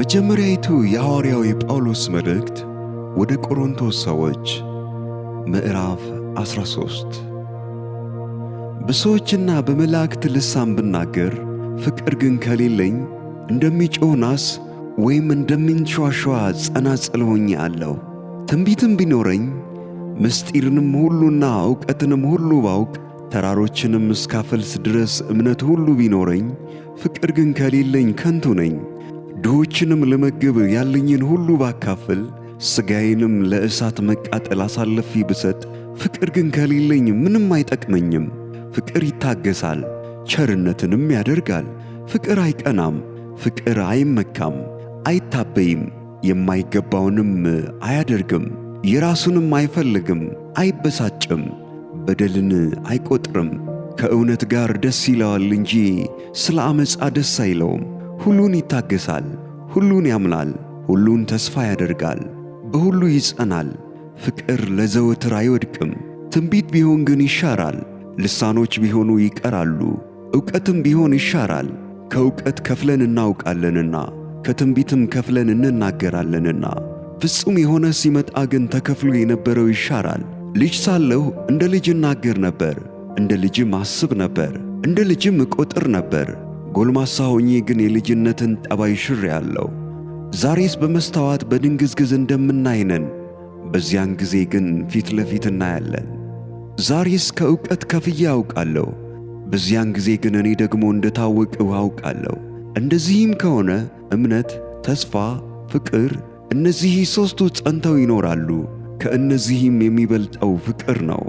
መጀመሪያዊቱ የሐዋርያው የጳውሎስ መልእክት ወደ ቆሮንቶስ ሰዎች ምዕራፍ 13 በሰዎችና በመላእክት ልሳን ብናገር ፍቅር ግን ከሌለኝ እንደሚጮኽ ናስ ወይም እንደሚንሿሿ ጸናጽል ሆኜ አለሁ። ትንቢትም ቢኖረኝ ምስጢርንም ሁሉና ዕውቀትንም ሁሉ ባውቅ ተራሮችንም እስካፈልስ ድረስ እምነት ሁሉ ቢኖረኝ ፍቅር ግን ከሌለኝ ከንቱ ነኝ። ድሆችንም ልመግብ ያለኝን ሁሉ ባካፍል ሥጋዬንም ለእሳት መቃጠል አሳልፊ ብሰጥ፣ ፍቅር ግን ከሌለኝ ምንም አይጠቅመኝም። ፍቅር ይታገሳል፣ ቸርነትንም ያደርጋል። ፍቅር አይቀናም፣ ፍቅር አይመካም፣ አይታበይም፣ የማይገባውንም አያደርግም፣ የራሱንም አይፈልግም፣ አይበሳጭም፣ በደልን አይቈጥርም። ከእውነት ጋር ደስ ይለዋል እንጂ ስለ ዓመፃ ደስ አይለውም። ሁሉን ይታገሳል፣ ሁሉን ያምናል፣ ሁሉን ተስፋ ያደርጋል፣ በሁሉ ይጸናል። ፍቅር ለዘወትር አይወድቅም። ትንቢት ቢሆን ግን ይሻራል፣ ልሳኖች ቢሆኑ ይቀራሉ፣ ዕውቀትም ቢሆን ይሻራል። ከዕውቀት ከፍለን እናውቃለንና ከትንቢትም ከፍለን እንናገራለንና ፍጹም የሆነ ሲመጣ ግን ተከፍሎ የነበረው ይሻራል። ልጅ ሳለሁ እንደ ልጅ እናገር ነበር፣ እንደ ልጅም አስብ ነበር፣ እንደ ልጅም እቆጥር ነበር። ጎልማሳ ሆኜ ግን የልጅነትን ጠባይ ሽር ያለው ዛሬስ በመስታወት በድንግዝግዝ እንደምናይነን በዚያን ጊዜ ግን ፊት ለፊት እናያለን። ዛሬስ ከእውቀት ከፍዬ አውቃለሁ፣ በዚያን ጊዜ ግን እኔ ደግሞ እንደታወቅሁ አውቃለሁ። እንደዚህም ከሆነ እምነት፣ ተስፋ፣ ፍቅር እነዚህ ሦስቱ ጸንተው ይኖራሉ። ከእነዚህም የሚበልጠው ፍቅር ነው።